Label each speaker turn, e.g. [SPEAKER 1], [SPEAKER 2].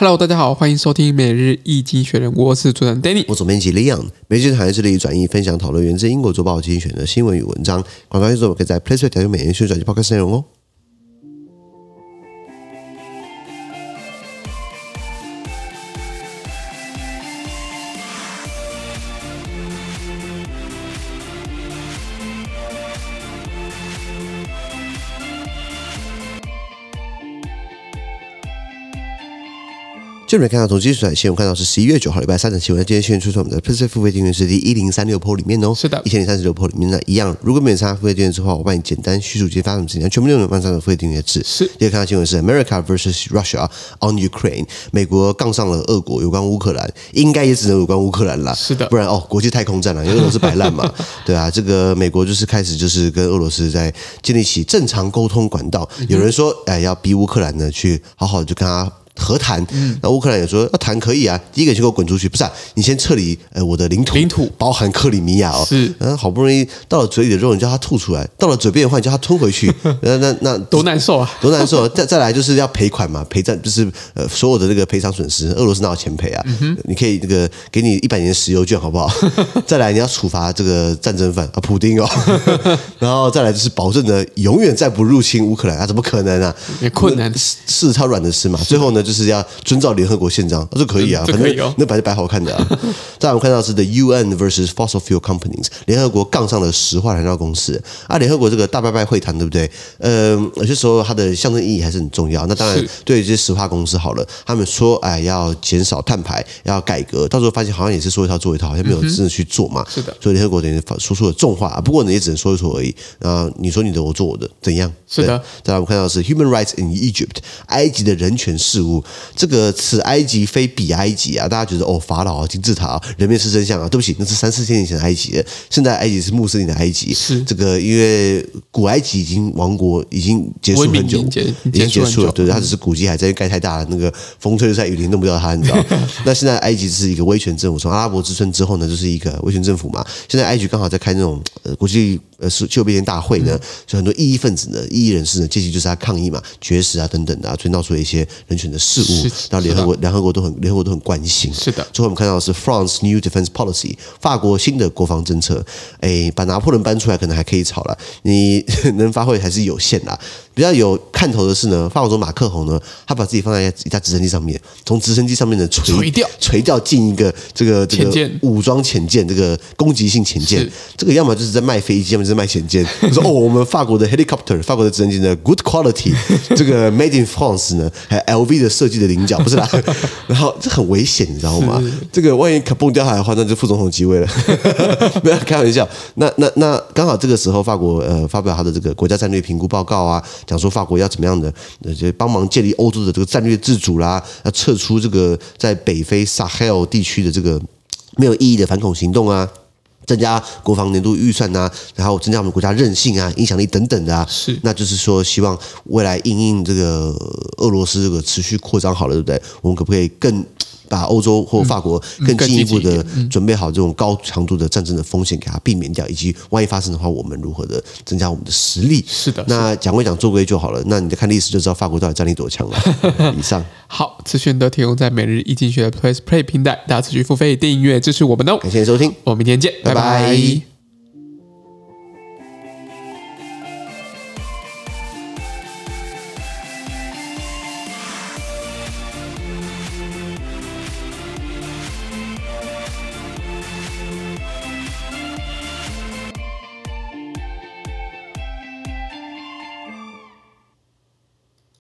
[SPEAKER 1] Hello，大家好，歡迎收聽每日一經濟學人，我是主持人 Danny，我總編輯 Leon，每日產業致力轉譯、分享、討論源自英國《周報》精選的新聞與文章，觀眾要收看可以在 PressPlay 每日收聽 Podcast 內容哦。就沒看到，從基礎短線我看到是十一月九號，禮拜三的新聞。今天新聞出現我們的 PressPlay 付費訂閱是第一零三六波裡面哦，是的，一千零三十六波裡面那一樣。如果沒有參加付費訂閱之後，我幫你簡單敘述一些發生事情。全部內容放上的付費訂閱制。是。今天看到新聞是 America versus Russia on Ukraine，美國槓上了俄國，有關烏克蘭，應該也只能有關烏克蘭啦，是的。不然哦，國際太空戰了，因為俄羅斯擺爛嘛， 對啊。這個美國就是開始就是跟俄羅斯在建立起正常溝通管道。嗯、哼有人說，哎、呃，要逼烏克蘭呢去好好的就跟他。和談，那烏克蘭也說要談、啊、可以啊，第一個就給我滾出去，不是、啊，你先撤離，呃，我的領土，領土包含克里米亞哦，嗯是，好不容易到了嘴裡的肉，你叫他吐出來；到了嘴邊的話，你叫他吞回去，那那那多難受啊，多難受、啊！再再來就是要賠款嘛，賠償，就是呃所有的這個賠償損失，俄羅斯哪有錢賠啊，嗯、哼你可以這、那個給你一百年石油券，好不好？再來你要處罰這個戰爭犯啊，普丁哦， 然後再來就是保證的永遠再不入侵烏克蘭，啊，怎麼可能啊？也困難是，是他軟的事嘛，最後呢就。就是要遵照聯合國憲章，他、啊、說可以啊，可以哦、反正那擺就擺好看的啊。再來 我們看到的是 The UN versus fossil fuel companies，聯合國槓上了石化燃料公司啊。聯合國這個大拜拜會談對不對？呃、嗯，有些時候它的象徵意義還是很重要。那當然對這些石化公司好了，他們說哎要減少碳排，要改革，到時候發現好像也是說一套做一套，好像沒有真的去做嘛。嗯、是的，所以聯合國等於說出了重話，不過呢也只能說一說而已啊。你說你的，我做我的，怎樣？是的。再來我們看到是 Human Rights in Egypt，埃及的人權事務。這個此埃及非彼埃及啊，大家覺得哦，法老啊，金字塔啊，人面獅身像啊？對不起，那是三四千年前的埃及。現在埃及是穆斯林的埃及。是這個，因為古埃及已經亡國，已經結束了很久，明明很久已經結束了，嗯、對，他只是古蹟還在，蓋太大了，那個風吹日曬雨淋，弄不掉他，你知道。 那現在埃及是一個威權政府，從阿拉伯之春之後呢，就是一個威權政府嘛。現在埃及剛好在開那種，呃，國際呃氣候變遷大會呢，所以、嗯、很多異議分子呢、異議人士呢，藉機就是他抗議嘛、絕食啊等等的，啊，所以鬧出了一些人權的事。事務，然後聯合國聯合國都很聯合國都很關心。是的，最後我們看到的是 France New Defense Policy，法國新的國防政策。誒、欸，把拿破崙搬出來可能還可以炒了，你能發揮還是有限的。比較有看頭的是呢，法國總統馬克宏呢，他把自己放在一架直升機上面，從直升機上面呢，垂掉、垂掉進一個這個這個武裝潛艦，這個攻擊性潛艦，件這個要麼就是在賣飛機，是要麼就是在賣潛艦。是說哦，我們法國的 helicopter，法國的直升機呢 good quality，這個 made in France 呢，還有 LV 的設計的菱角不是啦。 然後這很危險，你知道嗎？是這個萬一卡蹦、bon、掉下來的話，那就副總統繼位了。不 要開玩笑。那那那剛好這個時候，法國呃發表他的這個國家戰略評估報告啊。想說法國要怎麼樣的，就是、幫忙建立歐洲的這個戰略自主啦，要撤出這個在北非撒黑爾地區的這個沒有意義的反恐行動啊，增加國防年度預算吶、啊，然後增加我們國家韌性啊、影響力等等的啊，是，那就是說希望未來因應這個俄羅斯這個持續擴張好了，對不對？我們可不可以更？把歐洲或法國更進一步的準備好這種高強度的戰爭的風險，給它避免掉，以及萬一發生的話，我們如何的增加我們的實力？是的,是的，那講歸講，做歸就好了。那你看歷史就知道法國到底戰力多強了。 以上，好，資訊都提供在每日一經濟學人的 PressPlay 平台，大家持續付費訂閱支持我們哦。感謝收聽，我們明天見，拜拜。拜拜